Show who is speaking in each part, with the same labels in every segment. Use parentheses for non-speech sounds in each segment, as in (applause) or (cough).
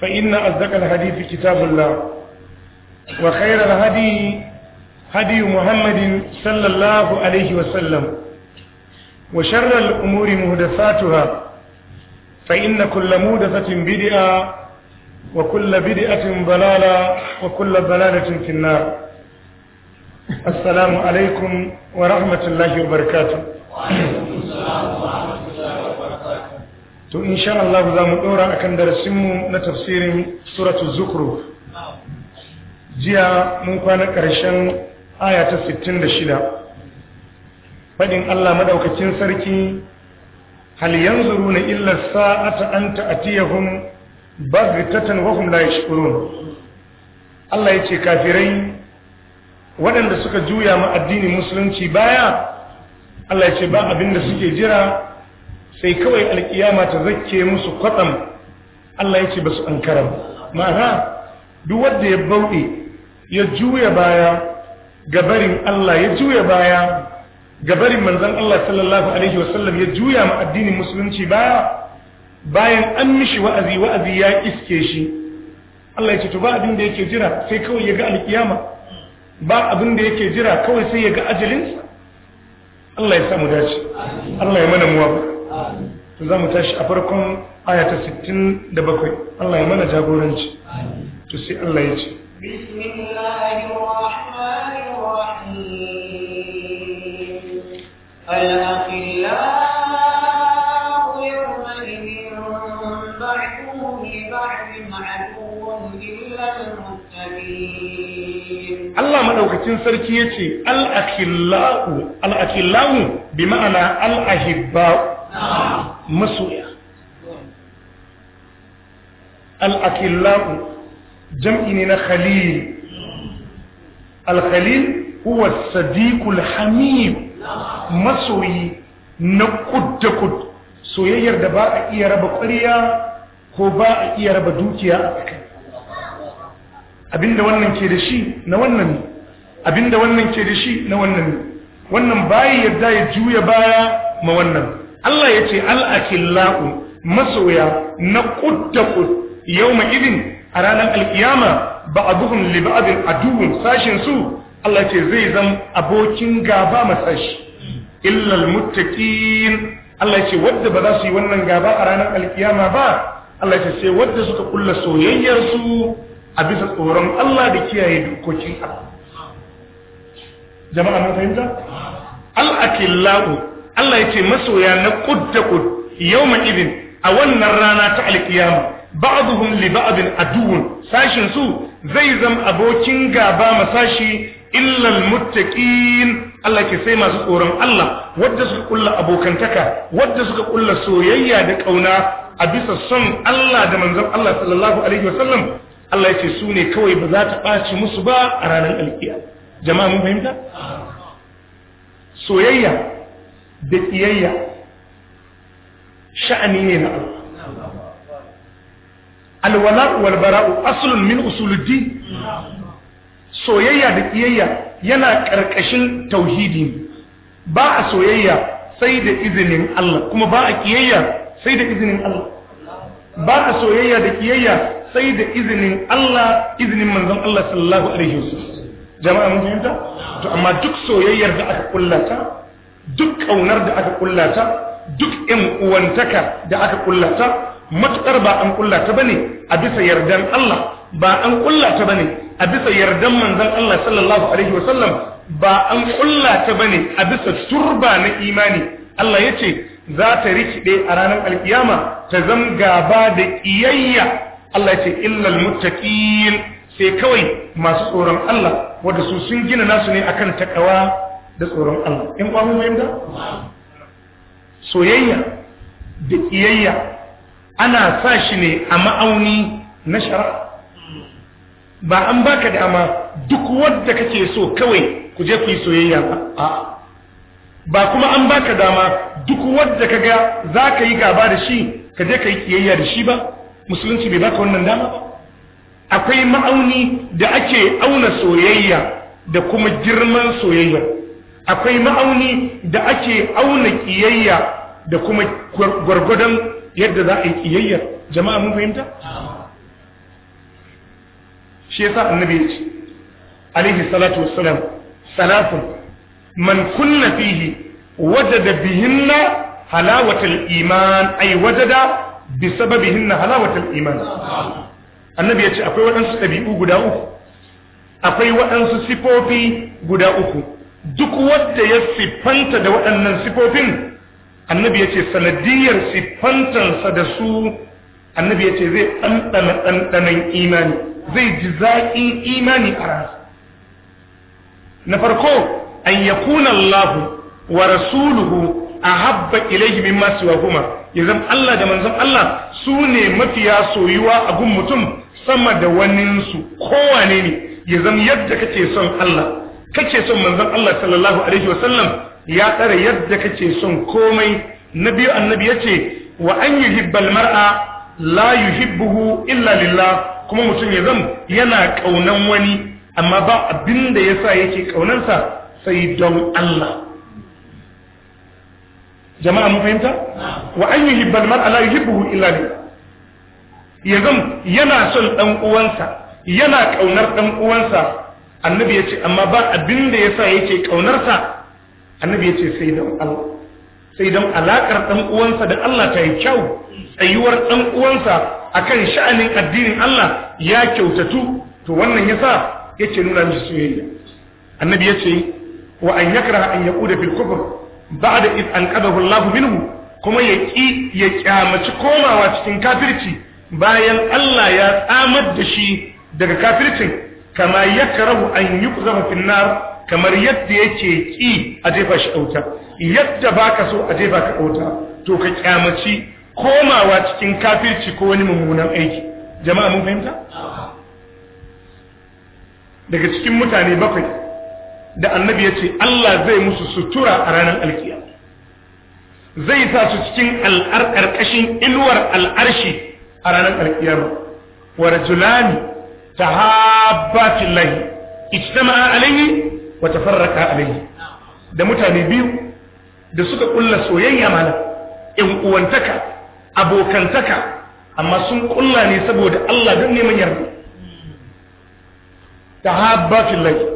Speaker 1: فإن أصدق الحديث كتاب الله وخير الهدي هدي محمد صلى الله عليه وسلم وشر الأمور مهدفاتها فإن كل مهدفة بدئة وكل بدئة ضلالة وكل ضلالة في النار السلام عليكم ورحمة الله وبركاته وعليكم السلام to insha Allah za mu ɗora a kan darasinmu na tafsirin suratu zukru jiya mun kwana ƙarshen aya ta sittin da shida. faɗin Allah maɗaukacin sarki hal yanzuru na illa sa'ata an ta'atiyahum baghtatan wa hum la yashkurun Allah yace kafirai waɗanda suka juya ma addinin musulunci baya Allah yace ba abinda suke jira sai kawai alkiyama ta zakke musu kwatsam Allah ya ce ba su an karam ma'ana duk wanda ya bauɗe ya juya baya gabarin Allah ya juya baya gabarin manzon Allah sallallahu alaihi wasallam ya juya ma addinin musulunci baya bayan an mishi wa'azi wa'azi ya iske shi Allah ya ce to ba abin da yake jira sai kawai ya ga alkiyama ba abin da yake jira kawai sai ya ga ajalinsa Allah ya samu dace Allah ya mana muwaffaq za mu tashi a farkon ayata 67 Allah ya mana jagoranci to sai Allah ya ce
Speaker 2: Allah madaukakin
Speaker 1: sarki yace al-akhillahu al-akhillahu bima'ana al-ahibba'u masoya al'akillahu jam'i ne na khalil al-khalil huwa sadiqul hamim masoyi na kud da kud soyayyar da ba a iya raba ƙwariya ko ba a iya raba dukiya a tsakai abinda wannan ke da shi na wannan ne abinda wannan ke da shi na wannan ne wannan baya yadda ya juya baya ma wannan Allah ya ce al'akillahu masoya na kudda kud yau ma a ranar alkiyama ba a duhun liba'adin a duhun su Allah ce zai zan abokin gaba masashi illal muttaqin Allah ce wadda ba za su yi wannan gaba a ranar alkiyama ba Allah ce sai wadda suka kulla soyayyarsu a bisa tsoron Allah da kiyaye dokokin Allah jama'a na fahimta al Allah ya ce masoya na kud da kud idin a wannan rana ta alkiyama ba'dhum li ba'din aduwwun sashin su zai zama abokin gaba masashi illal muttaqin Allah ke sai masu tsoron Allah wadda suka kulla abokantaka wadda suka kulla soyayya da kauna a bisa son Allah da manzan Allah sallallahu alaihi wasallam Allah ya ce su ne kawai ba za ta ɓaci musu ba a ranar alkiya jama'a mun fahimta soyayya da kiyayya sha'ani ne na Allah alwala wal bara'u aslun min usuluddin soyayya da kiyayya yana ƙarƙashin tauhidi ba a soyayya sai da izinin Allah kuma ba a kiyayya sai da izinin Allah ba a soyayya da kiyayya sai da izinin Allah izinin manzon Allah sallallahu alaihi wasallam jama'a mun fahimta to amma duk soyayyar da aka kullata duk kaunar da aka kullata duk ɗan uwantaka da aka kullata matukar ba an kullata bane a bisa yardan Allah ba an kullata bane a bisa yardan manzon Allah sallallahu alaihi wasallam ba an kullata bane a bisa turba na imani Allah yace za ta rikide a ranar alkiyama ta zam gaba da kiyayya Allah yace illal muttaqin sai kawai masu tsoron Allah wanda su sun gina nasu ne akan takawa da tsoron Allah in ba mu da? soyayya da kiyayya ana sa shi ne a ma'auni na shari'a ba an baka dama duk wadda kake so kawai ku je ku yi soyayya ba a ba kuma an baka dama duk ga za zaka yi gaba da shi ka je ka yi kiyayya da shi ba musulunci bai baka wannan dama ba akwai ma'auni da ake auna soyayya da kuma girman soyayya akwai ma'auni da ake auna kiyayya da kuma gwargwadon yadda za a yi kiyayya jama'a mun fahimta shi yasa annabi ya ce alaihi salatu wassalam Salafun man kunna fihi wajada bihinna halawatul iman ay wajada bisababihinna halawatul iman annabi ya ce akwai waɗansu ɗabi'u guda uku akwai waɗansu sifofi guda uku duk wanda ya siffanta da waɗannan sifofin annabi ya ce sanadiyar siffantansa da su annabi ya ce zai ɗanɗana ɗanɗanan imani zai ji zaƙin imani a ransa na farko an ya kuna Allah wa rasuluhu a habba ilaihi min masu wa kuma ya zama Allah da manzan Allah su ne mafiya soyuwa a gun mutum sama da waninsu kowane ne ya zama yadda kake son Allah kake son manzon Allah sallallahu alaihi wa sallam ya tsara yadda kake son komai na biyu annabi ce, wa an yuhibbal mar'a la yuhibbuhu illa lillah kuma mutum ya zan yana kaunan wani amma ba abinda sa yake kaunansa sai don Allah jama'a mun fahimta wa an yuhibbal mar'a la yuhibbuhu illa lillah ya zan yana son dan uwansa yana kaunar dan uwansa annabi ya ce amma ba abin da ya sa yake ƙaunarsa annabi ya ce sai don alaƙar ɗan uwansa da Allah ta yi kyau tsayuwar ɗan uwansa kan sha'anin addinin Allah ya kyautatu to wannan ya sa yake nuna mishi soyayya annabi ya ce wa an yakara an da filkufur ba da is an qadahu Allah minhu kuma ya ƙi ya ƙyamaci komawa cikin kafirci bayan Allah ya tsamar da shi daga kafircin kama yakrahu an yuqzafa fin kamar yadda yake ki a jefa shi auta yadda baka so a jefa ka auta to ka kyamaci komawa cikin kafirci ko wani mummunan aiki jama'a mun fahimta daga cikin mutane bakwai da annabi ya ce Allah zai musu sutura a ranar alkiya zai sa su cikin al'ar ƙarƙashin inuwar al'arshi a ranar alkiyama wa rajulani tahabbati llahi ijtama'a alayhi wa tafarraqa alayhi da mutane biyu da suka kulla soyayya mana in uwantaka abokantaka amma sun kulla ne saboda Allah don neman yarda tahabbati llahi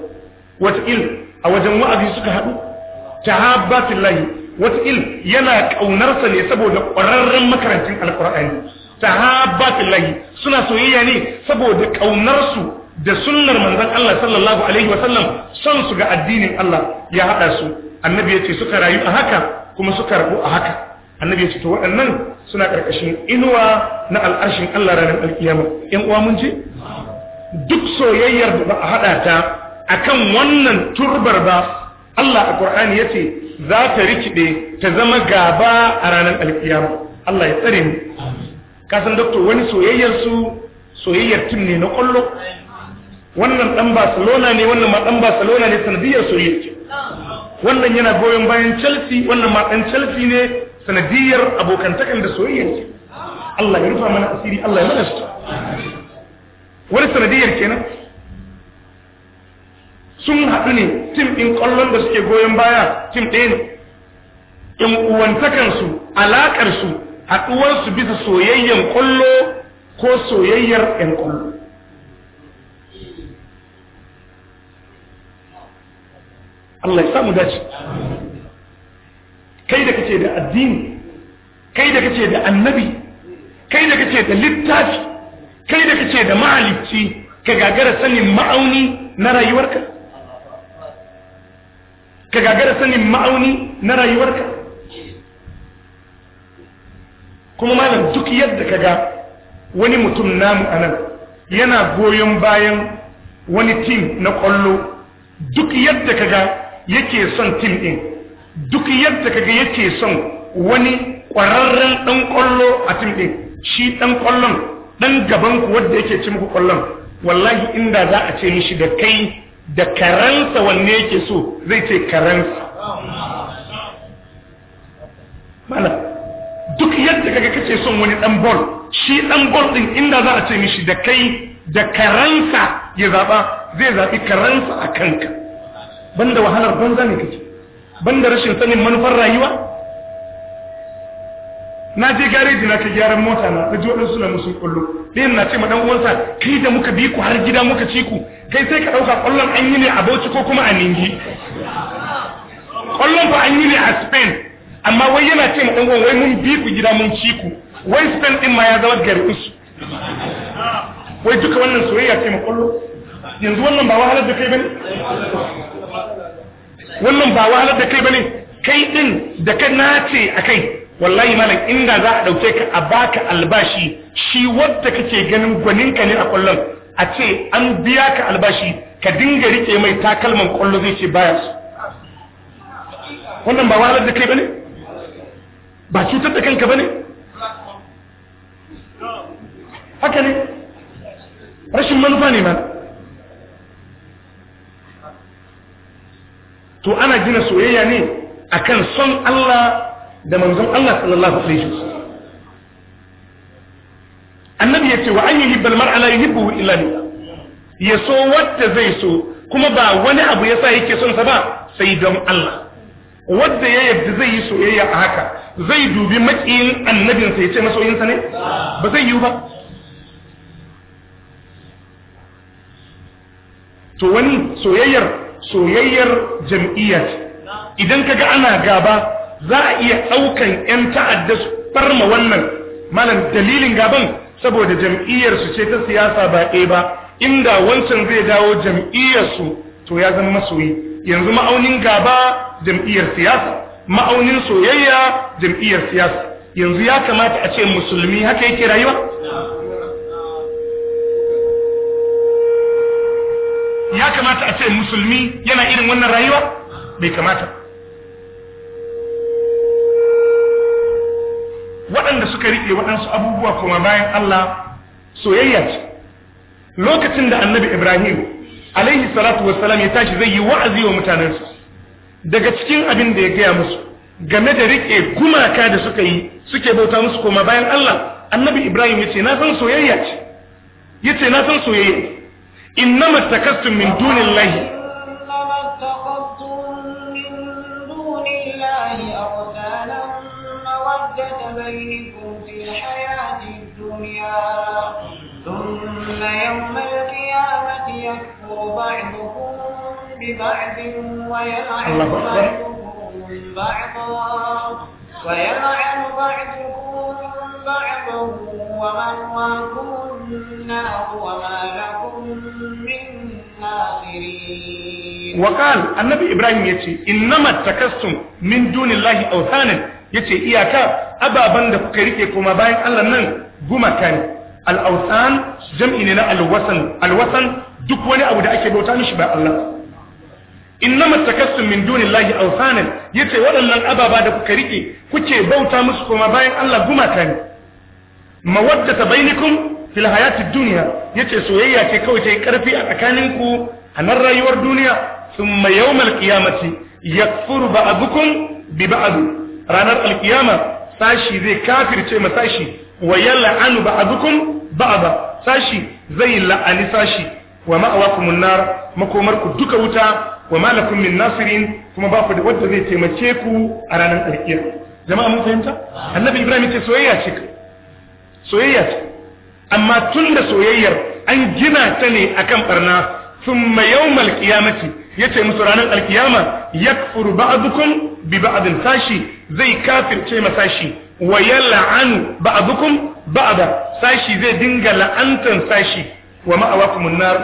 Speaker 1: wata il a wajen wa'azi suka hadu tahabbati llahi wata il yana kaunarsa ne saboda ƙwararren makarantin alqur'ani tahabbatullahi suna soyayya ne saboda ƙaunarsu da sunnar manzon Allah sallallahu alaihi wasallam son su ga addinin Allah ya haɗa su annabi ya ce suka rayu a haka kuma suka rabu a haka annabi ya ce to waɗannan suna ƙarƙashin inuwa na al'arshin Allah ranar alkiyama ƴan uwa mun ji duk soyayyar da ba a haɗa ta akan wannan turbar ba Allah a Qur'ani yace za ta rikide ta zama gaba a ranar alkiyama Allah ya tsare mu kasan doktor wani soyayyar su soyayyar tim ne na kwallo wannan dan barcelona ne wannan ma dan barcelona ne sanadiyar soyayya wannan yana goyon bayan chelsea wannan ma dan chelsea ne sanadiyar abokantakan da soyayya ce Allah ya rufa mana asiri Allah ya mana wani sanadiyar kenan sun haɗu ne tim ɗin ƙwallon da suke goyon baya tim ɗaya ne in uwantakansu alaƙarsu haɗuwarsu bisa soyayyen ƙullo ko soyayyar ‘yan ƙullo. Allah ya samu dace. Kai da kace da addini, kai da kace da annabi, kai da kace da littafi, kai da kace da ma'alicci ka gagara sanin ma'auni na rayuwarka? Ka gagara sanin ma'auni na rayuwarka? kuma malam duk yadda kaga wani mutum namu anan yana goyon bayan wani tim na kwallo duk yadda kaga yake son tim ɗin duk yadda kaga yake son wani ƙwararren dan kwallo a tim ɗin shi dan kwallon dan gaban ku wanda yake ci muku kwallon wallahi inda za a ce mishi da kai da karansa wanne yake so zai ce karansa malam yadda kaga kace son wani dan ball shi dan ball din inda za a ce mishi da kai da karansa ya zaba zai zabi karansa a kanka banda wahalar banza ne kake, banda rashin sanin manufar rayuwa na je gareji na ka gyaran mota na na ji waɗansu na musu kwallo ɗayan na ce ma ɗan uwansa kai da muka bi ku har gida muka ci ku kai sai ka ɗauka ƙwallon an yi ne a bauchi ko kuma a ningi
Speaker 3: (laughs) Ƙwallon fa an yi ne a
Speaker 1: spain amma wai yana ce ma wai mun bi ku gida mun ci ku wai stand ɗin ma ya zama garin su wai duka wannan soyayya ce ma yanzu wannan ba wahalar da kai bane wannan ba wahalar da kai bane kai din da ka nace a kai wallahi malam inda za a ɗauke ka a baka albashi shi wadda kake ganin gwaninka ne a kwallon a ce an biya ka albashi ka dinga rike mai takalman kwallo zai ce baya su
Speaker 3: wannan ba wahalar da kai
Speaker 1: bane ba cutar da kanka ba ne haka ne rashin manufa ne ma to ana gina soyayya ne akan son Allah da manzon Allah sallallahu alaihi wasallam annabi ce wa an yuhibbu al-mar'a la yuhibbu illa Ya so wadda zai so kuma ba wani abu yasa yake son sa ba sai don Allah Wadda ya yadda zai yi soyayya a haka zai dubi makiyin annabinsa ya ce masoyinsa ne ba zai yiwu ba to wani soyayyar soyayyar jam'iyyar idan idan kaga ana gaba za a iya ɗaukan 'yan ta'adda su farma wannan malam dalilin gaban saboda jam'iyyarsu ce ta siyasa ba ɗaya ba inda wancan zai dawo jam'iyyarsu to ya zama masoyi yanzu ma'aunin gaba jam'iyyar siyasa ma'aunin soyayya jam'iyyar siyasa yanzu ya kamata a ce musulmi haka yake rayuwa ya kamata a ce musulmi yana irin wannan rayuwa bai kamata waɗanda suka riƙe waɗansu abubuwa kuma bayan Allah soyayya ce lokacin da annabi ibrahim alaihi salatu wasalam ya tashi zai yi wa'azi wa mutanensu daga cikin abin da ya gaya musu game da rike gumaka da suka yi suke bauta musu koma bayan Allah annabi Ibrahim yace na san soyayya ce yace na san soyayya innama takastum min dunillahi
Speaker 2: ثم يوم القيامة يكفر بعضكم ببعض ويلعن بعضكم بعضا ويلعن بعضكم بعضا ومأواكم النار وما لكم من وقال
Speaker 1: النبي إبراهيم يتي إنما من دون الله أوثانا yace iyaka ababan da kuka rike koma bayan Allah nan gumaka ne al jam'i ne na al-wasan duk wani abu da ake bauta mishi ba Allah innama takassum min dunillahi awsanan yace waɗannan ababa da kuka rike kuke bauta musu koma bayan Allah gumata ne mawaddata bainakum fil hayatid dunya yace soyayya ke kawai ta karfi a tsakaninku a nan rayuwar duniya thumma yawmal qiyamati yakfuru ba'dukum bi ba'd ranar alqiyama sashi zai kafirce ma sashi wa yal'anu ba'dukum ba'da sashi zai la'ani sashi wa ma'awakumun nar makomarku duka wuta wa ma lakum min nasirin kuma ba ku da wanda zai taimake ku a ranar tsarkiyar jama'a mun fahimta annabi ibrahim ce soyayya ce soyayya ce amma tun da soyayyar an gina ta ne akan barna thumma yawmal qiyamati yace musu ranar alkiyama yakfuru ba'dukum bi ba'din sashi zai kafirce ma sashi wa yal'anu ba'dukum ba'da sashi zai dinga la'antan sashi wa ma'awakumun nar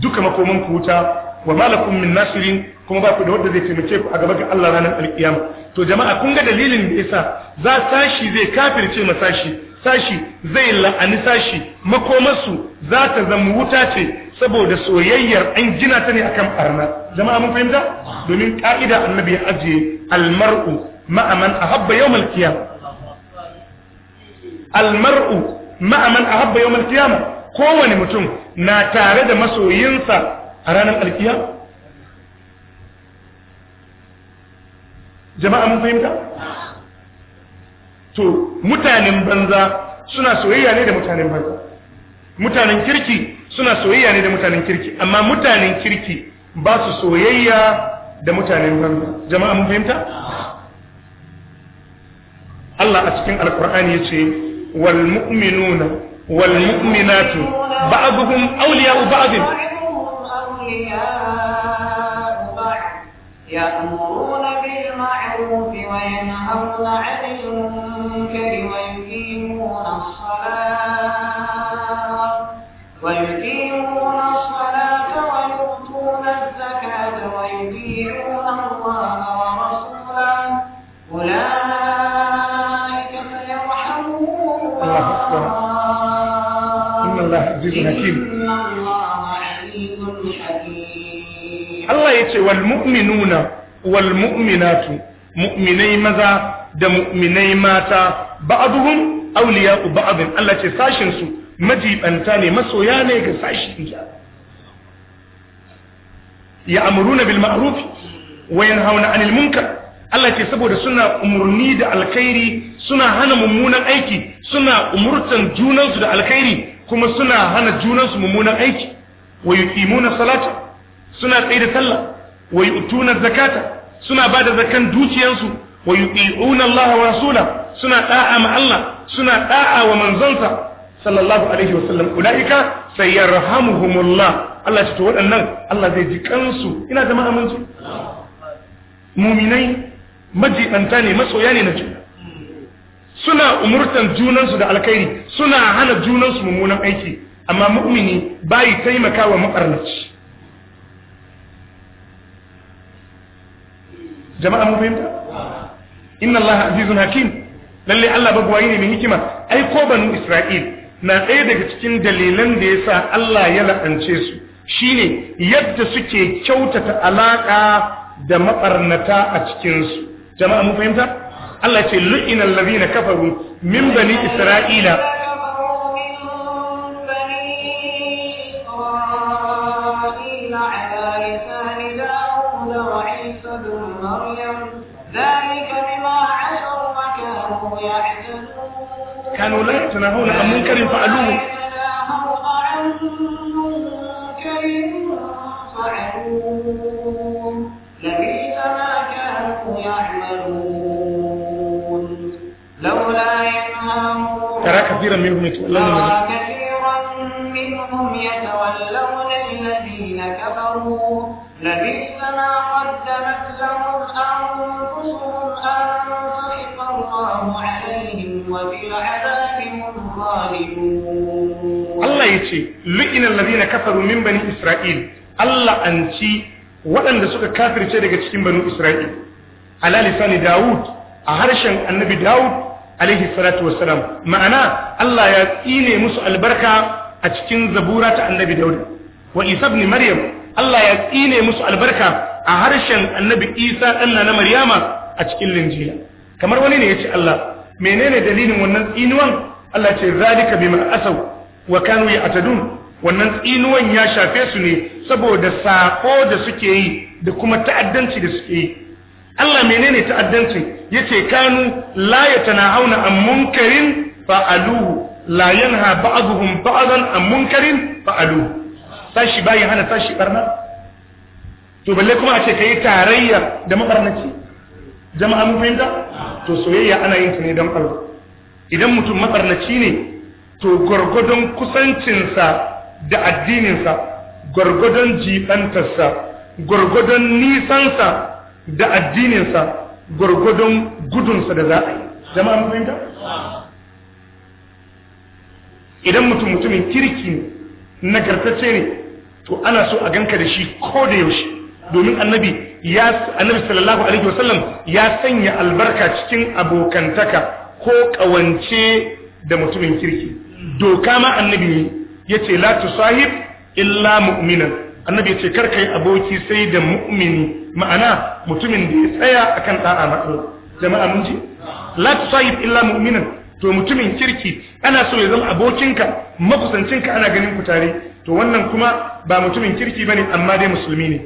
Speaker 1: duka makomin ku wuta wa malakum min nasirin kuma ba ku da wanda zai taimake ku a gaba ga Allah ranar alkiyama to jama'a kun ga dalilin da yasa za sashi zai kafirce ma sashi sashi zai la'ani sashi makomarsu za ta zama wuta ce saboda soyayyar an gina ta ne akan barna jama'a mun fahimta domin ka'ida annabi ya ajiye almar'u ma'a man ahabba yawmal qiyam almar'u ma'a man ahabba yawmal kowane mutum na tare da masoyinsa a ranar alkiya jama'a mun fahimta to mutanen banza suna soyayya ne da mutanen banza mutanen kirki suna soyayya ne da mutanen kirki amma mutanen kirki ba su soyayya da mutanen banza jama'a mun fahimta Allah a cikin alkur'ani ya ce wal mu'minuna wal mu'minatu ba'duhum awliya'u ba'd
Speaker 2: أولياء بعض يأمرون بالمعروف وينهون عن المنكر ويقيمون الصلاة ويقيمون الصلاة ويؤتون الزكاة ويطيعون الله ورسوله أولئك سيرحمهم الله إن الله عزيز حكيم إن الله
Speaker 1: Allah ya ce wal mu'minuna wal mu'minatu mu'minai maza da mu'minai mata ba'duhum awliya'u ba'din Allah ce sashin su majibanta ne masoya ne ga sashi ya amuruna bil ma'ruf wa yanhauna 'anil munkar Allah ce saboda suna umurni da alkhairi suna hana mummunan aiki suna umurtan junansu da alkhairi kuma suna hana junansu mummunan aiki wa yuqimuna salata suna tsaye da sallah wa yu'tuna zakata suna bada zakan dukiyansu wa yuti'una Allah wa rasula suna da'a ma Allah suna da'a wa manzonsa sallallahu alaihi wa wasallam ulaika sayarhamuhumullah Allah ce to waɗannan Allah zai ji kansu ina da mun mu'minai majibanta ne masoya ne na juna suna umurtan junansu da alkhairi suna hana junansu mummunan aiki amma mu'mini bai taimaka wa makarnaci jama'a mun fahimta inna allaha azizun hakim lalle allah babu ne mai hikima ai ko banu isra'il na ɗaya daga cikin dalilan da ya sa allah ya la'ance su shine yadda suke kyautata alaka da mabarnata a cikinsu. jama'a mun fahimta Allah ce lu'inal ladina kafaru min bani isra'ila
Speaker 2: كانوا لا يتناهون عن منكر فعلوه ترى كثيرا منهم يتولون
Speaker 1: ce lu'inal ladina kafaru min bani isra'il Allah an ci waɗanda suka kafirce daga cikin banu isra'il ala lisani daud a harshen annabi daud alaihi salatu wassalam ma'ana Allah ya tsine musu albarka a cikin zabura ta annabi daud wa isa ibn maryam Allah ya tsine musu albarka a harshen annabi isa ɗanna na maryama a cikin linjila kamar wani ne ya ce Allah menene dalilin wannan tsinuwan Allah ce zalika bima asau wa kanu ya'tadun wannan tsinuwan ya shafe su ne saboda sako da suke yi da kuma ta'addanci da suke yi Allah menene ta'addanci yace kanu la yatanahawna an munkarin fa'aluhu la yanha ba'dhum ba'dan an munkarin fa'aluhu sashi bai hana sashi barna to balle kuma a ce kai tarayya da mabarnaci jama'a mun fahimta to soyayya ana yin ta ne don Allah idan mutum mabarnaci ne to gwargwadon kusancinsa da addininsa gwargwadon jibantarsa gwargwadon nisansa da addininsa gwargwadon gudunsa da za a yi zama an idan mutum mutumin kirki ne nagartacce ne to ana so a ganka da shi ko da yaushe domin annabi ya annabi sallallahu alaihi wasallam ya sanya albarka cikin abokantaka ko kawance da mutumin kirki doka ma annabi ne yace la tusahib illa mu'minan annabi ce kar kai aboki sai da mu'mini ma'ana mutumin da ya tsaya akan da'a na Allah jama'a mun ji la tusahib illa mu'minan to mutumin kirki ana so ya zama abokinka makusancinka ana ganin ku tare to wannan kuma ba mutumin kirki bane amma dai musulmi ne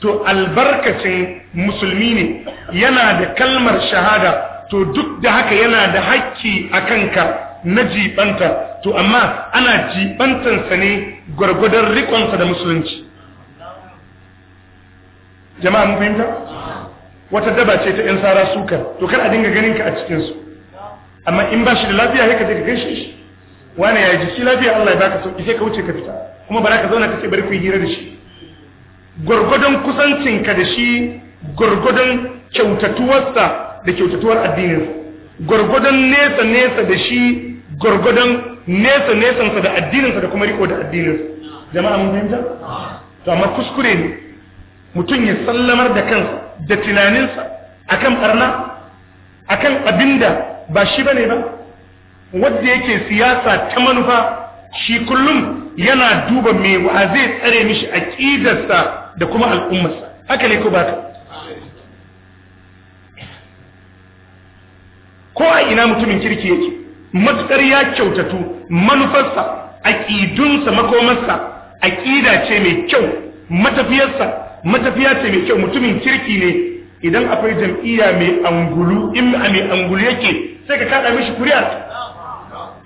Speaker 1: to albarkacin musulmi ne yana da kalmar shahada to duk da haka yana da hakki a kanka na jibanta to amma ana jibantansa ne gwargwadon rikonsa da musulunci jama'a mun fahimta wata daba ce ta yan sara suka to kar a dinga ganin ka a cikin amma in ba shi da lafiya sai ka ka shi wani ya jiki lafiya Allah ya baka sauki sai ka wuce ka fita kuma ba za ka zauna ka ce hira da shi gwargwadon kusancinka da shi gwargwadon kyautatuwarsa da kyautatuwar addinin gwargwadon nesa nesa da shi gwargwadon nesa nesansa da addininsa da kuma riko da addininsa jama'a mun fahimta to amma kuskure ne mutum ya sallamar da kansa da tunaninsa akan barna akan abinda ba shi bane ba wanda yake siyasa ta manufa shi kullum yana duba me wa zai tsare mishi aqidarsa da kuma al'ummarsa haka ne ko ba ka ko a ina mutumin kirki yake matuƙar ya kyautatu manufarsa a ƙidunsa makomarsa ƙida ce mai kyau matafiyarsa matafiya ce mai kyau mutumin kirki ne idan akwai jam'iyya mai angulu in a mai angulu yake sai ka kada mishi kuri'a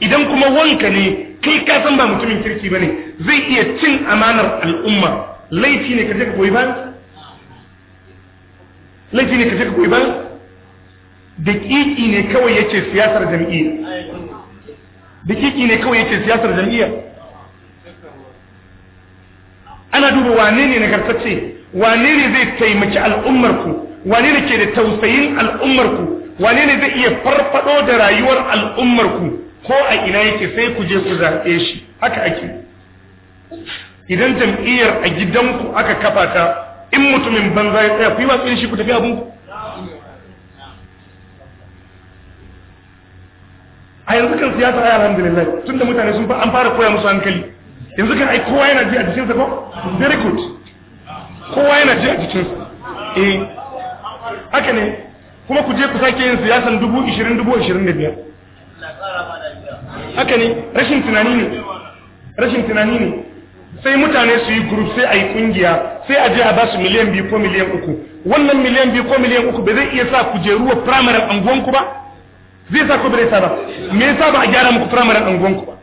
Speaker 1: idan kuma wanka ne kai ka san ba mutumin kirki ba ne. zai iya cin amanar al'umma laifi ne ka je ka koyi ba laifi ne ka je ka koyi ba daƙiƙi ne kawai yace siyasar jam'iyya da kiki ne kawai yake siyasar jam'iyya ana duba wane ne nagartacce wane ne zai taimaki al'ummarku wane ne ke da tausayin al'ummarku wane ne zai iya farfado da rayuwar al'ummarku ko a ina yake sai ku je ku zaɓe shi haka ake idan jam'iyyar a gidanku aka kafa ta in mutumin banza ya tsaya ku yi watsin shi ku tafi abinku a yanzu kan siyasa ai alhamdulillah tunda mutane sun an fara koya musu hankali yanzu kan ai kowa yana ji a jikinsa ko very good kowa yana ji a jikinsa eh
Speaker 3: haka ne kuma ku je ku sake yin siyasan dubu ishirin dubu ishirin da biyar haka ne rashin tunani ne
Speaker 1: rashin tunani ne sai mutane su yi group sai a yi kungiya sai a je a ba su miliyan biyu ko miliyan uku wannan miliyan biyu ko miliyan uku ba zai iya sa ku je ruwa firamaren anguwanku ba zai sa ku bai sa ba me yasa ba a gyara muku firamaren ku ba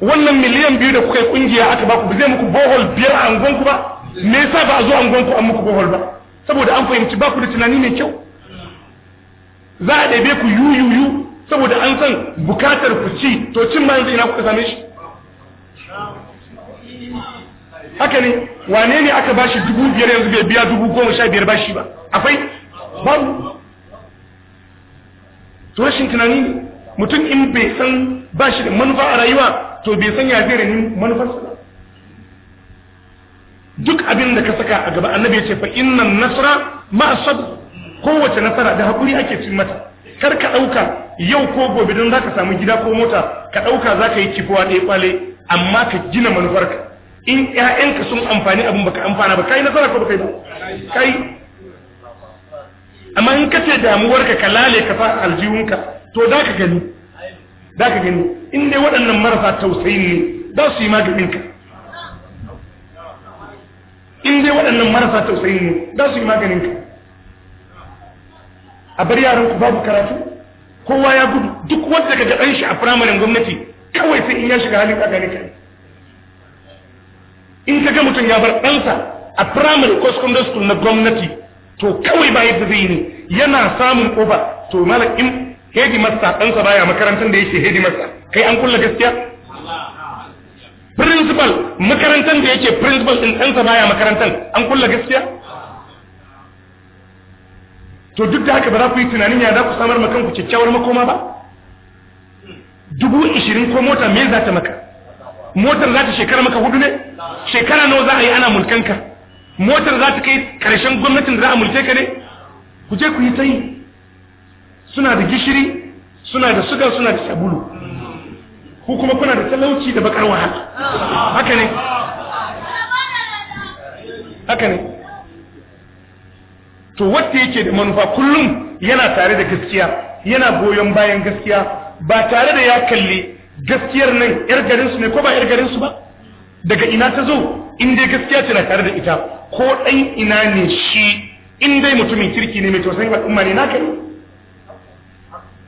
Speaker 1: wannan miliyan biyu da kuka yi kungiya aka ba ku zai muku bohol biyar a ku ba me yasa ba a zo ku an muku bohol ba saboda an fahimci ba ku da tunani mai kyau za a ɗebe ku yuyuyu saboda an san bukatar ku ci to cin ma yanzu ina kuka same shi haka ne wane ne aka ba shi dubu biyar yanzu bai biya dubu goma sha biyar ba shi ba akwai babu To rashin tunani mutum in bai san ba shi da manufa a rayuwa to bai san ya zai rani manufar su. duk abin da ka saka a gaba annabi ya ce fa innan nasara ma kowace nasara da hakuri ake cin mata kar ka ɗauka yau ko gobe don zaka samu gida ko mota ka ɗauka za yi kifuwa ɗaya kwale amma ka gina manufarka in 'ya'yanka sun amfani abin baka amfana ba kai nasara ko baka yi ba kai amma in ka ce damuwarka ka lale ka fa aljihunka to za ka gani za ka gani in dai waɗannan marasa tausayin ne za su yi ka in dai waɗannan marasa tausayin ne za su yi ka a bar yaran ku babu karatu kowa ya gudu duk wanda ka gaɗan shi a firamarin gwamnati kawai sai in ya shiga halin tsakani ka in ka ga mutum ya bar ɗansa a firamare ko secondary school na gwamnati to kawai ba yadda zai ne yana samun ƙofa to malam in hedi masa ɗansa baya makarantar da yake hedi masa kai an kulla gaskiya principal makarantar da yake principal din ɗansa baya makarantar an kulla gaskiya to duk da haka ba za ku yi tunanin ya za ku samar makan ku kyakkyawar makoma ba dubu ishirin ko mota me za ta maka motar za ta shekara maka hudu ne shekara nawa za a yi ana mulkanka motar za ta kai karshen gwamnatin da za a mulke ka ne ku je ku yi ta yi suna da gishiri suna da suga suna da sabulu ku kuma kuna da talauci da bakar wahala haka ne haka ne to wanda yake da manufa kullum yana tare da gaskiya yana goyon bayan gaskiya ba tare da ya kalli gaskiyar nan yar garinsu ne ko ba yar garinsu ba daga ina ta zo in dai gaskiya tana tare da ita ko ɗan ina ne shi in dai mutumin kirki ne mai tausayin al'umma ne naka ne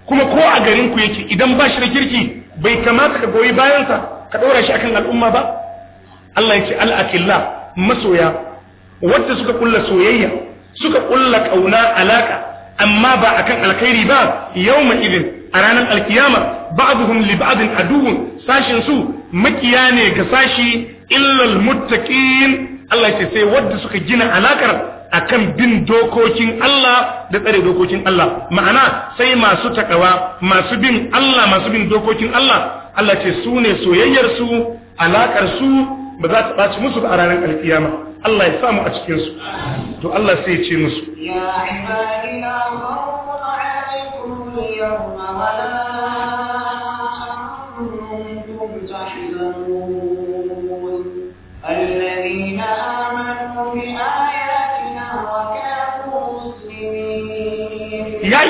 Speaker 1: kuma ko a garin ku yake idan ba shi da kirki bai kamata ka goyi bayansa ka ɗora shi akan al'umma ba Allah ya ce al'akilla masoya wadda suka kulla soyayya suka kulla ƙauna alaka amma ba akan alkhairi ba yawma idin a ranar alkiyama ba'dhum li ba'din aduwwun sashin su makiya ne ga sashi illal muttaqin Allah ce sai wadda suka gina alakar akan bin dokokin Allah da tsare dokokin Allah ma'ana sai masu takawa masu bin Allah masu bin dokokin Allah Allah ce su ne soyayyar su ba za ta ɓaci musu ba a ranar alkiyama Allah ya samu a cikinsu, to Allah sai ya ce musu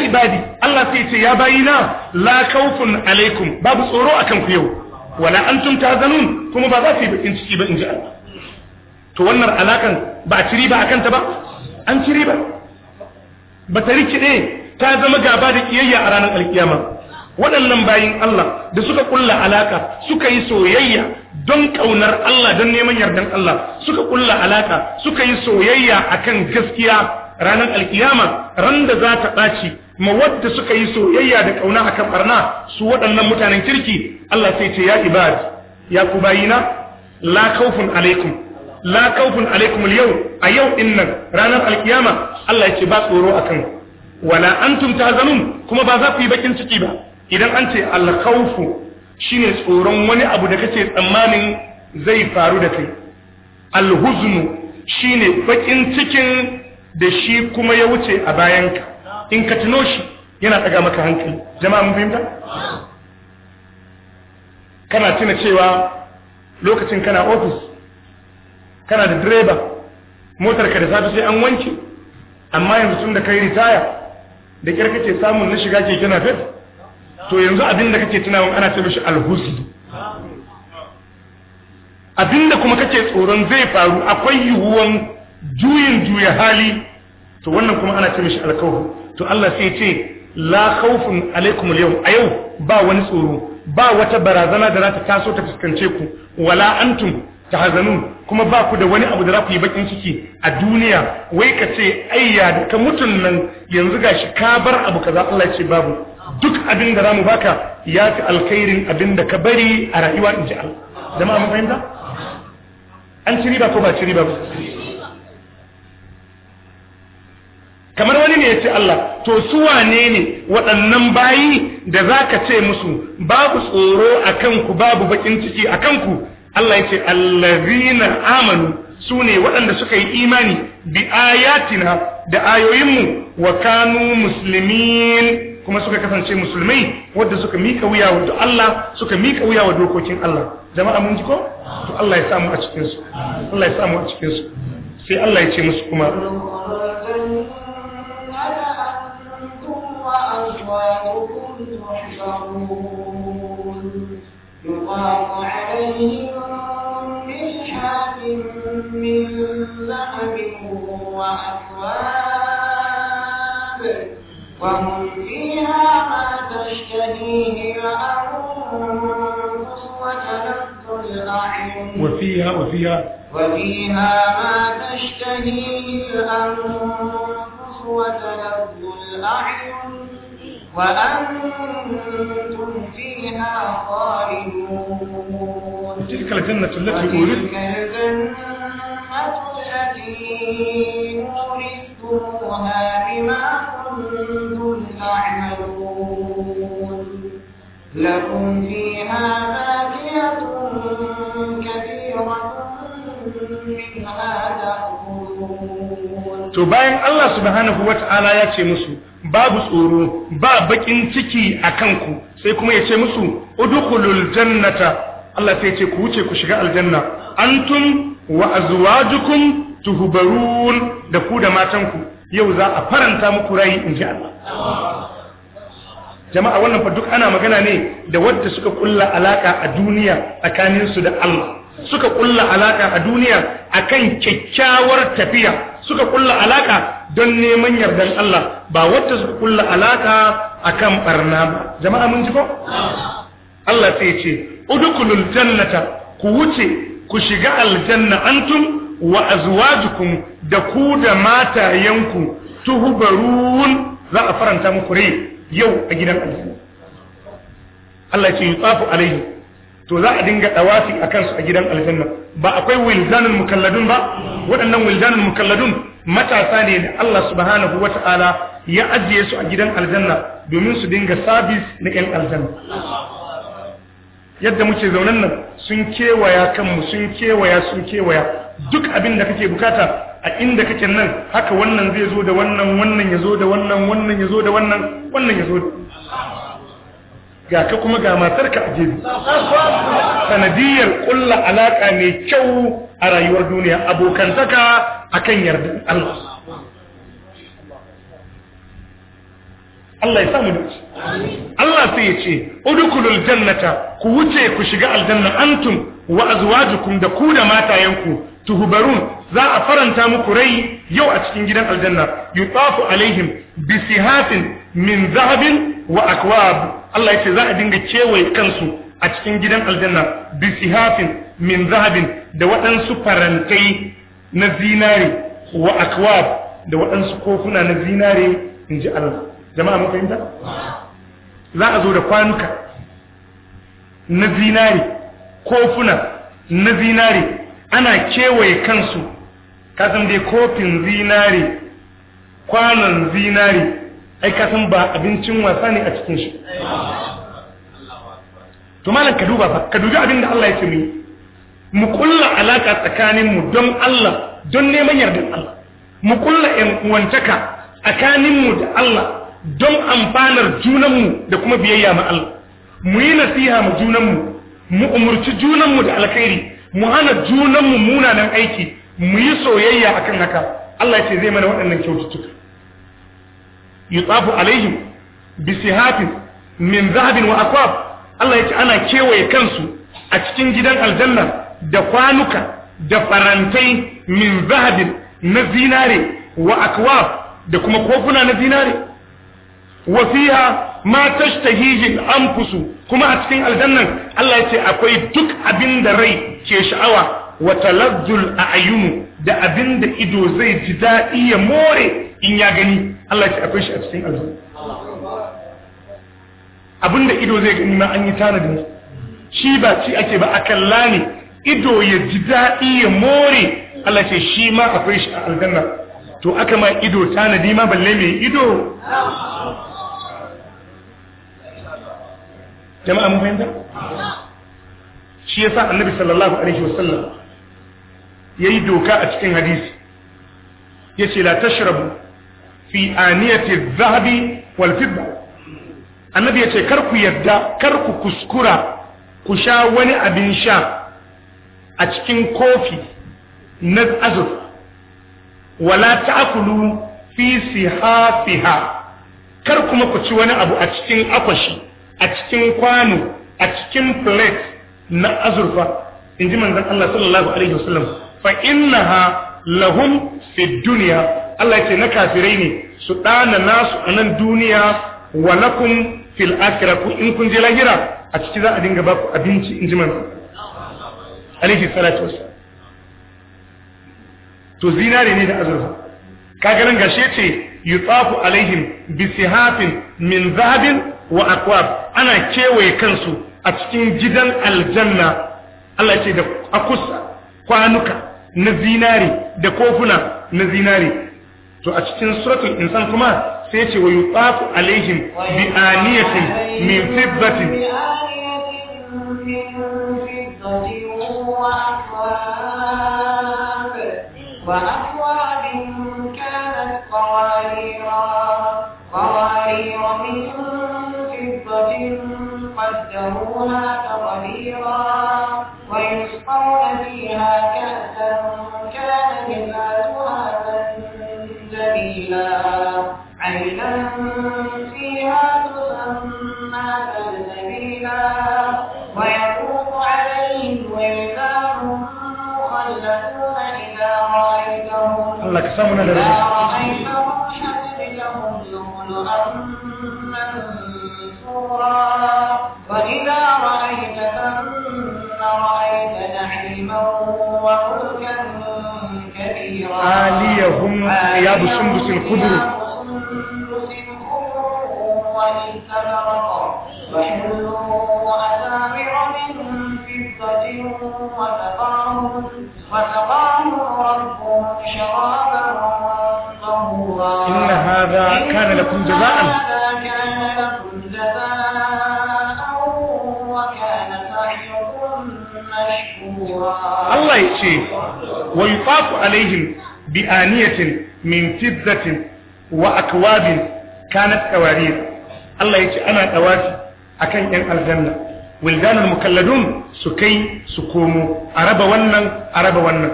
Speaker 2: ibadi Allah sai
Speaker 1: ce ya bayina la khawfun alaikum babu tsoro akan ku yau wala antum zanu kuma ba za yi bakin ciki ba inji Allah to wannan alakan ba a ciri ba akan ta ba an ciri ba ba ta rikide ta zama gaba da kiyayya a ranar alkiyama waɗannan bayin Allah da suka kulla alaka suka yi soyayya don kaunar Allah don neman yardan Allah suka kulla alaka suka yi soyayya akan gaskiya ranar alkiyama ran da za ta ɓaci ma wadda suka yi soyayya da kauna akan barna su waɗannan mutanen kirki Allah sai ce ya ibad ya ku bayina la khawfun alaikum la khawfun alaikum yau a yau din nan ranar alkiyama Allah yake ce ba tsoro akan wala antum tazanun kuma ba za ku yi bakin ciki ba idan an ce al-khawfu shine tsoron wani abu da kace tsammanin zai faru da kai al-huznu shine bakin cikin da shi kuma ya wuce a bayanka in ka tuno shi yana tsaga maka hankali jama'a mun fahimta kana tuna cewa lokacin kana ofis kana da direba motar ka da safe sai an wanke amma yanzu tun da kai ritaya da kyar kake samun na shiga ke na fit to yanzu abin da kake tunawa ana ce mishi alhusi abin da kuma kake tsoron zai faru akwai yiwuwan juyin juya hali to wannan kuma ana ce mishi alkawar to Allah sai ce la khawfun alaikum al a yau ba wani tsoro ba wata barazana da za ta taso ta fuskance ku wala antum tahzanun kuma ba ku da wani abu da za ku yi bakin ciki a duniya wai ka ce ayya ka mutun nan yanzu gashi ka bar abu kaza Allah ya ce babu duk abin da zamu baka ya fi alkhairin abin da ka bari a rayuwa in Allah jama'a mun fahimta an ci ba ko ba ci ba kamar wani ne ya ce Allah to su wane ne waɗannan bayi da za ka ce musu babu tsoro a kanku babu bakin ciki a kanku Allah ya ce allazina amanu su ne waɗanda suka yi imani bi ayatina da ayoyinmu wa kanu musulmin kuma suka kasance musulmai wadda suka mika wuya wa Allah suka mika wuya wa dokokin Allah jama'a mun ji ko to Allah ya samu a cikin su Allah ya samu a cikin su sai Allah ya ce musu kuma
Speaker 2: أنتم عليهم من وأكواب وهم فيها ما تشتهيه الأعين وفيها وفيها
Speaker 1: وفيها ما
Speaker 2: تشتهيه الأنفس وتلظ الأعين وأنتم فيها خالدون وتلك الجنة التي أورثت التي أورثتموها بما كنتم تعملون
Speaker 1: لكم فيها فاكهة
Speaker 2: كثيرة منها تأكلون to bayan Allah subhanahu
Speaker 1: wata'ala ya ce musu babu tsoro ba bakin ciki a kanku sai kuma ya ce musu udkhulul jannata Allah sai ya ce ku wuce ku shiga aljanna antum wa azwajukum tuhbarun da ku da matanku yau za a faranta muku rai inji Allah jama'a wannan fa duk ana magana ne da wadda suka kulla alaka a duniya tsakaninsu da Allah suka kulla alaka a duniya akan kyakkyawar tafiya suka kulla alaka don neman yardan Allah ba wacce suka kulla alaka akan barna ba jama'a mun ji ko Allah sai ce udkhulul jannata ku wuce ku shiga aljanna antum wa azwajukum da ku da matayenku tuhbarun za a faranta muku rai yau a gidan Allah ya ce yutafu alaihi to za a dinga dawafi a kansu a gidan aljanna ba akwai wildanul mukalladun ba waɗannan wildanul mukalladun matasa ne da Allah subhanahu wata'ala ya ajiye su a gidan aljanna domin su dinga sabis na ƴan aljanna yadda muke zaunan nan sun kewaya kanmu sun kewaya sun kewaya duk abin da kake bukata a inda kake nan haka wannan zai zo da wannan wannan ya zo da wannan wannan ya zo da wannan wannan ya zo
Speaker 3: da
Speaker 1: ga ka kuma ga matarka a jebi sanadiyar kulla alaka mai kyau a rayuwar duniya abokantaka kan yardan Allah Allah ya samu da Allah sai ya ce udkhulul jannata ku wuce ku shiga aljanna antum wa azwajukum da ku da matayenku tuhubarun za a faranta muku rai yau a cikin gidan aljanna yutafu alaihim bisihafin min zahabin wa akwab Allah ya ce za a dinga kewaye kansu a cikin gidan aljanna bisihafin min zahabin da waɗansu farantai na zinare wa akwab da waɗansu kofuna na zinare in ji Allah jama'a mun fahimta za a zo da kwanuka na zinare kofuna na zinare ana kewaye kansu kasan dai kofin zinare kwanon zinare ai ka san ba abincin wasa ne a cikin shi to malam ka duba fa ka duba abin da Allah ya mu mu kulla alaka tsakanin mu don Allah don neman yardan Allah mu kulla ƴan uwantaka tsakanin mu da Allah don amfanar junan mu da kuma biyayya ma Allah mu yi nasiha mu junan mu mu umurci junan mu da alkhairi mu hana junan mu munanan aiki mu yi soyayya akan haka Allah ya ce zai mana waɗannan kyaututtuka yutsafu alaihim bisihatin min zahabin wa akwab Allah yace ana kewaye kansu a cikin gidan aljanna da kwanuka da farantai min zahabin na zinare wa akwab da kuma kofuna na zinare wa fiha ma tashtahihi anfusu kuma a cikin aljannan Allah yace akwai duk abin da rai ke sha'awa wa talazzul a'yunu da abin da ido zai ji dadi ya more in ya gani Allah ce akwai shi a cikin alhu abinda ido zai gani ma an yi tanadin shi ba ci ake ba a kalla ne ido ya ji daɗi ya more Allah ce shi ma akwai shi a aljanna to aka ma ido tanadi ma balle mai ido jama'a mun fahimta shi yasa annabi sallallahu alaihi wasallam yayi doka a cikin hadisi yace la tashrabu fi aniyati zahabi wal fidda annabi yace kar ku yadda kar ku kuskura ku sha wani abin sha a cikin kofi na azurfa wala ta'kulu fi sihafiha kar kuma ku ci wani abu a cikin akwashi a cikin kwano a cikin plate na azurfa inji manzon Allah sallallahu alaihi wasallam fa innaha lahum fi dunya Allah ce na kafirai ne su ɗana nasu a nan duniya wa lakum fil akhirah in kun je lahira a ciki za a dinga ba ku abinci in ji man alaihi salatu wassalam to zinare ne da azurfa kaga nan gashe ce yutafu alaihim bi sihafin min zahabin wa akwab ana kewaye kansu a cikin gidan aljanna Allah ce da akusa kwanuka na zinari da kofuna na zinari. to a cikin suratul insan kuma sai ce wa yutafu alaihim bi aniyatin min fiddatin
Speaker 2: وأكواب كانت قواريرا قوارير من فضة قدروها تقديرا ويسقون فيها كأسا كان سبيلا عينا فيها تسمى سلسبيلا ويطوف عليهم ولدان مخلدون إذا رأيتهم إذا رأيتهم حسبتهم لؤلؤا منثورا وإذا رأيت ثم رأيت نعيما وملكا كبيرا وهم ثياب سندس خضر فضة ربهم شرابا إن هذا كان لكم جزاء هذا كان لكم جزاء وكان مشكورا الله يشفي ويطاف
Speaker 1: عليهم بآنية من فضة وأكواب كانت قوارير الله يجي أنا أوافي أكن ين الجنة ولدان المكلدون سكي سكومو أرب ونن أرب ونن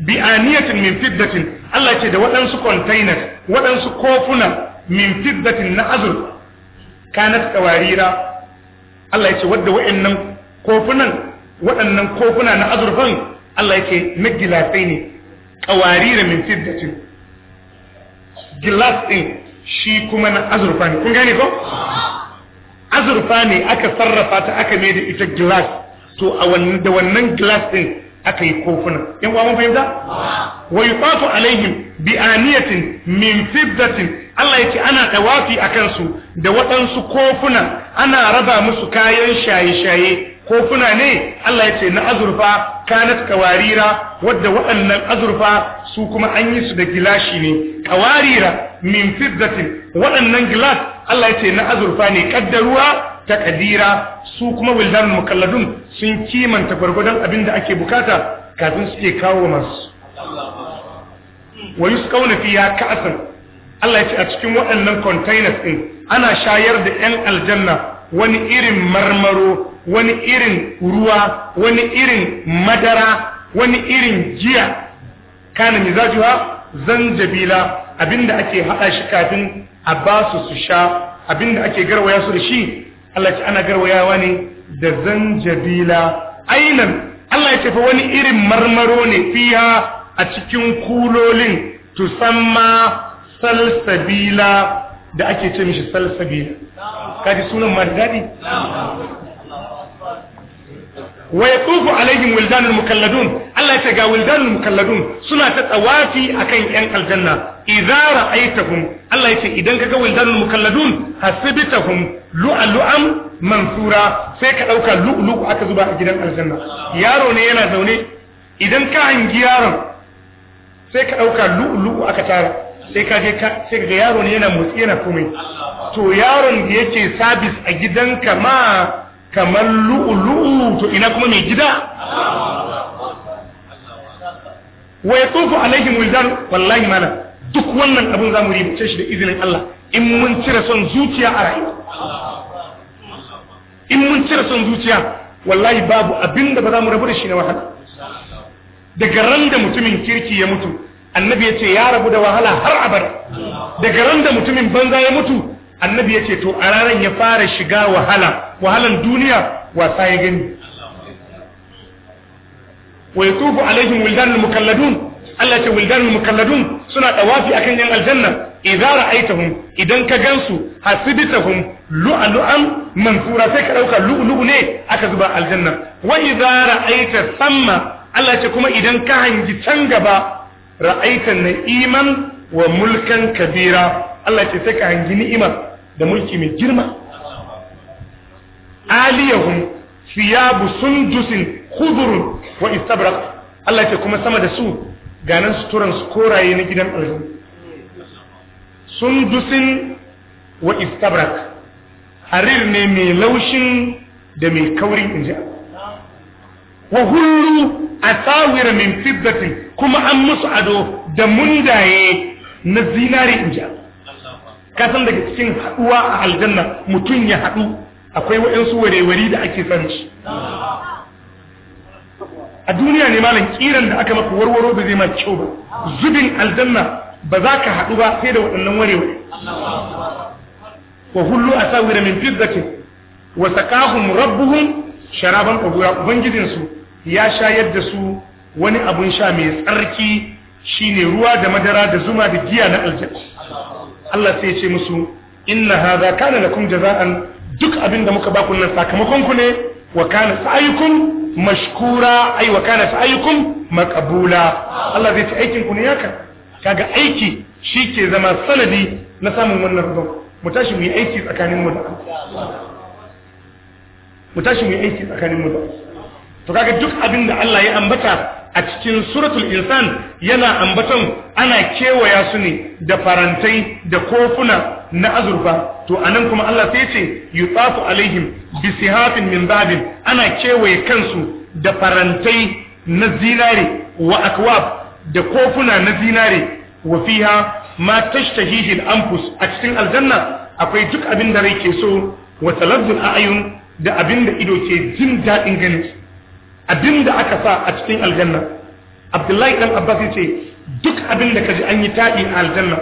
Speaker 1: بآنية من فضة الله يجي ده ودنسو كونتينر ودنسو كوفنا من فضة نعذر كانت قوارير الله يجي ود وإنن كوفنا waɗannan kofuna na azurfan Allah yake magilatai ne qawarira min fiddatin glass din shi kuma na azurfa ne kun gane ko azurfa ne aka sarrafa ta aka mai da ita glass to a wannan da wannan glass din aka yi kofuna yan wa mun fahimta wa yutatu alaihim bi aniyatin min fiddatin Allah yake ana tawafi akan su da waɗansu kofuna ana raba musu kayan shaye-shaye kofuna ne Allah ya ce na azurfa kanat kawarira wadda waɗannan azurfa su kuma an yi su da gilashi ne kawarira min fiddatin waɗannan gilas Allah ya ce na azurfa ne kaddaruwa ta kadira su kuma wildan mukalladun sun kimanta gwargwadon abin da ake bukata kafin suke kawo masu wa yusqawna ya ka'san Allah ya ce a cikin waɗannan containers ɗin ana shayar da 'yan aljanna wani irin marmaro wani irin ruwa wani irin madara wani irin jiya kana mizajuha zanjabila abinda ake hada shi kafin a basu su sha abinda ake garwaya su da shi Allah ce ana garwayawa ne da zanjabila ainan Allah ya ce fa wani irin marmaro ne fiya a cikin kulolin tusamma salsabila da ake ce mishi salsabila kaji sunan ma wa yatufu alaihim wildanul mukalladun Allah ya ce ga wildanul mukalladun suna ta tsawafi akan yan aljanna idza ra'aitahum Allah ya ce idan kaga wildanul mukalladun hasibtahum lu'lu'am mansura sai ka dauka lu'lu aka zuba a gidan aljanna yaro ne yana zaune idan ka hangi yaron sai ka dauka lu'lu aka tara sai ka je sai ga yaro ne yana motsi yana komai to yaron da yake sabis a gidanka ma kamar lu'ulu'u to ina kuma mai gida wa yatufu alaihim wildan wallahi mana duk wannan abin zamu ribace shi da izinin Allah in mun cire son zuciya a rayuwa in mun cire son zuciya wallahi babu abinda ba za mu rabu da shi na wahala daga ran da mutumin kirki ya mutu annabi ya ce ya rabu da wahala har abada daga ran da mutumin banza ya mutu annabi ya ce to a ranar ya fara shiga wahala wahalan duniya wasa ya gani wa yatufu alaihim wildanul mukalladun Allah ce wildanul mukalladun suna ɗawafi akan yan aljanna idza ra'aitahum idan ka gansu hasibtahum lu'lu'an mansura sai ka dauka lu'lu'u ne aka zuba aljanna wa idza ra'aita samma Allah ce kuma idan ka hangi can gaba ra'aita na iman wa mulkan kabira Allah ce sai ka hangi ni'ima. da mulki mai girma aliyahum sun sundusin khudurun wa istabraq Allah ke kuma sama da su ganan suturan su koraye na gidan Sun sundusin wa istabrak harir ne mai laushin da mai kaurin inji wa hullu asawir min fiddatin kuma an musu ado da mundaye na zinari inji ka san daga cikin haɗuwa a aljanna mutum ya haɗu, akwai waɗansu warewari da ake son shi a duniya ne malam kiran da aka maka warwaro ba zai ma kyau ba zubin aljanna ba za ka haɗu ba sai da waɗannan warewari wa hullu asawira min fiddatin wa saqahum rabbuhum sharaban ubangijin su ya shayar da su wani abun sha mai tsarki shine ruwa da madara da zuma da giya na aljanna Allah sai ce musu inna hadha kana lakum jaza'an duk abinda muka ba ku nan sakamakon ku ne wa kana sa'ayukum mashkura ai wa kana sa'ayukum maqbula Allah zai ce aikin ku ne yaka kaga aiki shike zama sanadi na samun wannan rabo mu tashi mu yi aiki tsakanin mu da mu tashi mu yi aiki tsakanin mu da to kaga duk abinda Allah ya ambata a cikin suratul insan yana ambaton ana kewaya su ne da farantai da kofuna na azurfa to anan kuma Allah sai ce yutafu alaihim bisihafin min babin ana kewaye kansu da farantai na zinare wa akwab da kofuna na zinare wa fiha ma tashtahihi al-anfus a cikin aljanna akwai duk abin da rai ke so wa talazzul a'yun da abin da ido ke jin dadin ganin abin da aka sa a cikin aljanna abdullahi dan abbas yace duk abin da kaji an yi taɗi a aljanna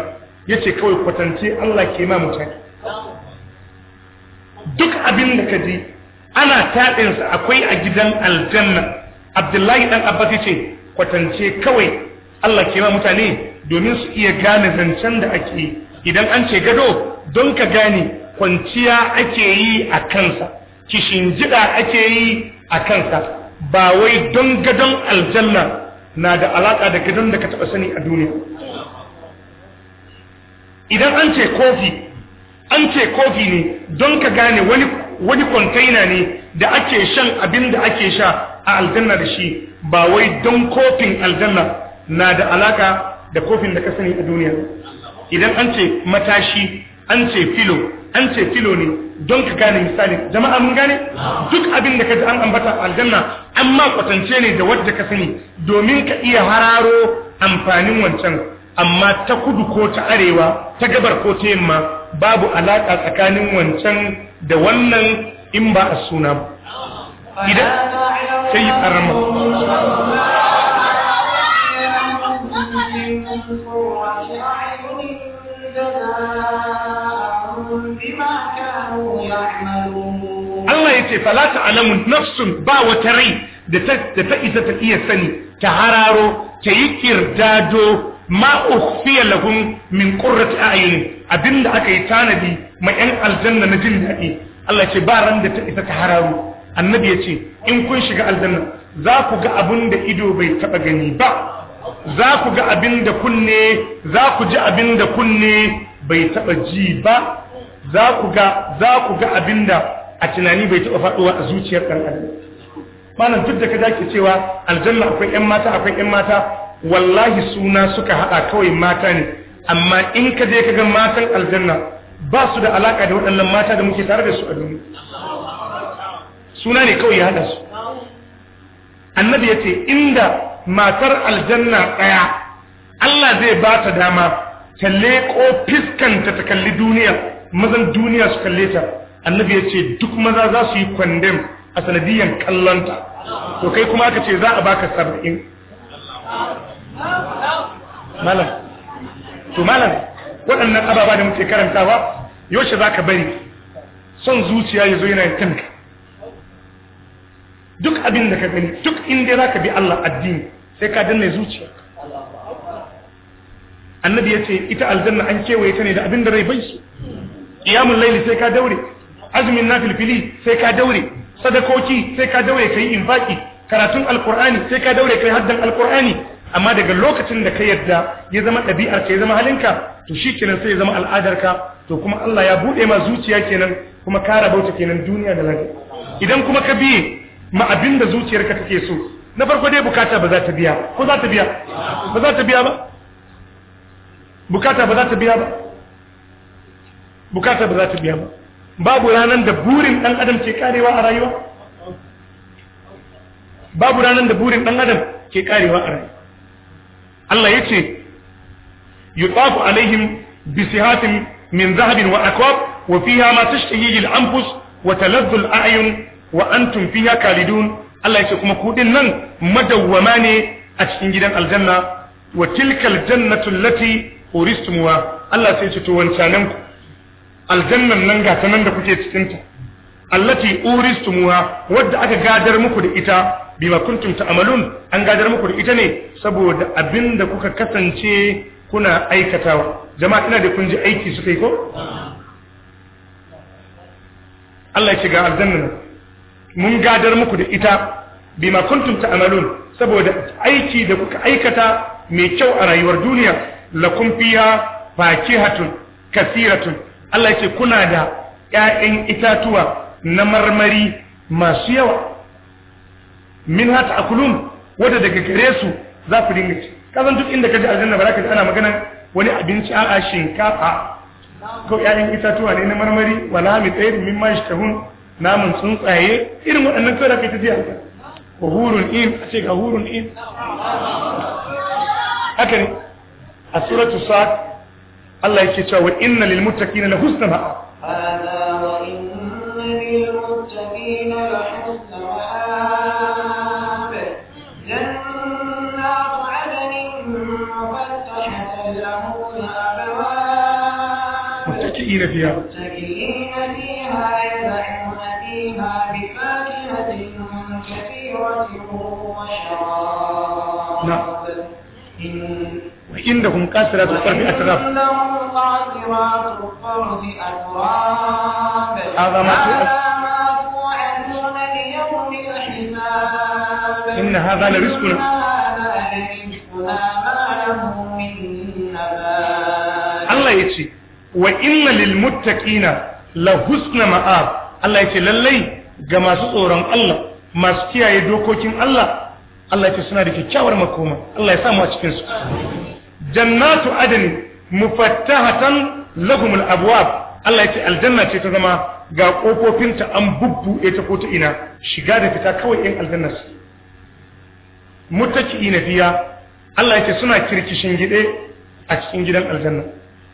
Speaker 1: yace kawai kwatance Allah ke ma mutane duk abin da kaji ana taɗin sa akwai a gidan aljanna abdullahi dan abbas yace kwatance kawai Allah ke ma mutane domin su iya gane zancen da ake yi idan an ce gado don ka gane kwanciya ake yi a kansa kishin jida ake yi a kansa ba wai don gadon aljanna na da alaka da gadon da ka taba sani a duniya idan an ce kofi an ce kofi ne don ka gane wani wani container ne da ake shan abin da ake sha a aljanna da shi ba wai don kofin aljanna na da alaka da kofin da ka sani a duniya idan an ce matashi an ce filo an ce kilo ne don ka gane misali jama'a mun gane duk abin da ka ji an ambata aljanna amma kwatance ne da wadda ka sani domin ka iya hararo amfanin wancan amma ta kudu ko ta arewa ta gabar ko ta yamma babu alaka tsakanin wancan da wannan in ba a suna ba idan sai yi karama Allah ya ce falata alamun nafsun ba wata rai da ta isa ta iya sani ta hararo ta yi kirdado lagun min lahum min qurrati abin da aka yi tanadi ma yan aljanna na jin daɗi Allah ya ce ba ran da ta isa ta hararo annabi ya ce in kun shiga aljanna za ku ga abin da ido bai taɓa gani ba za ku ga abin da kunne za ku ji abin da kunne bai taɓa ji ba za ku ga za ku ga abinda a tunani bai taɓa faɗowa a zuciyar ɗan adam malam duk da ka dake cewa aljanna akwai ƴan mata akwai ƴan mata wallahi suna suka haɗa kawai mata ne amma in ka je ka ga matan aljanna ba su da alaka da waɗannan mata da muke tare da su a duniya
Speaker 3: suna ne kawai ya haɗa su
Speaker 1: annabi ya ce inda matar aljanna ɗaya Allah zai ba ta dama ta leƙo fiskanta ta kalli duniya mazan duniya su kalle ta annabi ya ce duk maza za su yi kwandem a sanadiyan kallonta to kai kuma aka ce za a baka saba'in malam to malam waɗannan ababa da muke karantawa yaushe za ka bari son zuciya ya zo yana yin kanka duk abin da ka gani duk inda za ka bi Allah addini sai ka danne zuciya annabi ya ce ita aljanna an kewaye ta ne da abin da rai bai su Ƙiyamun layli sai ka daure azumin nafilfili sai ka daure sadakoki sai ka daure kai infaki karatun alkur'ani sai ka daure kai haddan alkur'ani amma daga lokacin da ka yadda ya zama ɗabi'ar ka ya zama halinka to shi kenan sai ya zama al'adarka to kuma Allah ya buɗe ma zuciya kenan kuma ka rabauta kenan duniya da lafiya idan kuma ka biye ma abin da zuciyarka take so na farko dai bukata ba za ta biya ko za ta biya ba za ta biya ba bukata ba za ta biya ba bukata ba za ta biya ba babu ranar da burin ɗan adam ke karewa a rayuwa babu ranar da burin ɗan adam ke karewa a rayuwa Allah ya ce yutafu alaihim bisihatin min zahabin wa akwab wa fiha ma tashtahihi anfus wa taladdu ayun wa antum fiha kalidun Allah ya ce kuma kudin nan madawwama ne a cikin gidan aljanna wa tilkal jannatu allati uristumuha Allah sai ya ce to wancanan ku aljannan nan ga ta nan da kuke cikinta allati uristumuha wadda aka gadar muku da ita bima kuntum ta'malun an gadar muku da ita ne saboda abinda kuka kasance kuna aikatawa jama'a ina da kun ji aiki suka yi ko Allah ya ce ga aljannan mun gadar muku da ita bima kuntum ta'malun saboda aiki da kuka aikata mai kyau a rayuwar duniya lakum fiha fakihatun kasiratun Allah ce kuna da ‘ya'yan itatuwa na marmari masu yawa min hata a kullum wadda daga gare su za ku dinga ci kasan duk inda ka ji aljanna ba za ka ji ana magana wani abinci a'a shinkafa ko ‘ya'yan itatuwa ne na marmari wala mi tsayar min ma shi tahun namun tsuntsaye irin waɗannan kawai da kai ta jiya wa in a ce ga hurun in haka ne a suratu sa. الله يكي شاء وإن للمتكين لحسن مآب
Speaker 2: هذا وإن للمتكين لحسن مآب جنات عدن مفتحة لهم الأبواب متكئين فيها متكئين فيها يدعون فيها بفاكهة كثيرة
Speaker 1: وشراب نعم وعندهم كاسرات وطرف
Speaker 2: عظمة إن هذا لرزقنا Allah ya
Speaker 1: ce wa inna lil la husna ma'ab Allah ya ce lallai ga masu tsoron Allah masu kiyaye dokokin Allah Allah ya ce suna da kyakkyawar makoma Allah ya samu a cikin su jannatu adn mufattahatan lahumul abwab Allah ya ce aljanna ce ta zama ga kofofinta an bubbuɗe ta ko ta ina shiga da fita kawai in aljanna mutaki na fiya Allah yake suna kirkishin gide a cikin gidan aljanna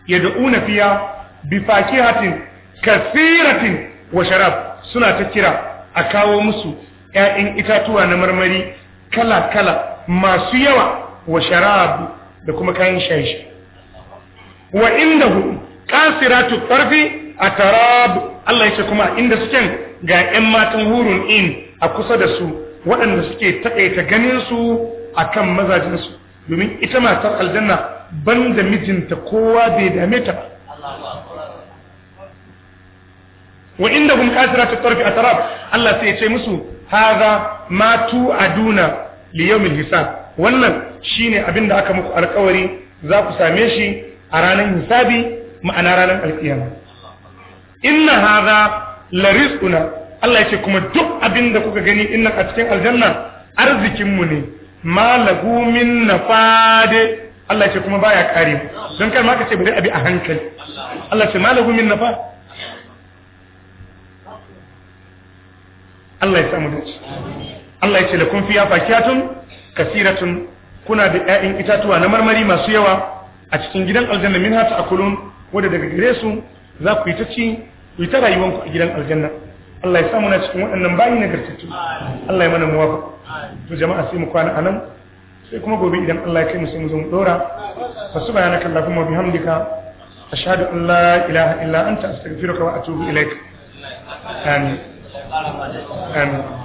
Speaker 1: yad'una fiya bi fakihatin kathiratin wa sharab suna ta kira a kawo musu ƴaƴan itatuwa na marmari kala kala masu yawa wa sharab da kuma kayan shayi wa indahu qasiratu tarfi a tarab Allah ya ce kuma inda suke ga 'yan matan hurun in a kusa da su waɗanda suke taƙaita ganinsu a kan mazajinsu domin ita matar aljanna ban da mijinta kowa bai dame ta ba wa inda hun kasira ta tarfi a tarab Allah sai ya ce musu haza ma tu aduna liyaumin hisab wannan shine abin da aka muku alƙawari, za ku same shi a ranar hisabi ma'ana ranar alƙiyama inna hadha la rizquna Allah ya ce kuma duk abin da kuka gani inna a cikin aljanna arzikin mu ne malagu min nafade Allah ya ce kuma baya kare mu don kai ma ka ce bari abi a hankali Allah ya ce malagu min nafa Allah ya samu dace Allah ya ce lakum fiya fakiyatun kasiratun kuna da ƴaƴan itatuwa na marmari masu yawa a cikin gidan aljanna min hata akulun wanda daga gare su za ku yi ta ci ita yi ku rayuwanku a gidan aljanna Allah ya samu na cikin waɗannan bayi na gartattu Allah ya mana muwafa to jama'a sai mu kwana anan sai kuma gobe idan Allah ya kai mu sai mu zo mu dora fa subhanaka allahumma wa bihamdika ashhadu an la ilaha illa anta astaghfiruka wa atubu ilaik
Speaker 3: amin amin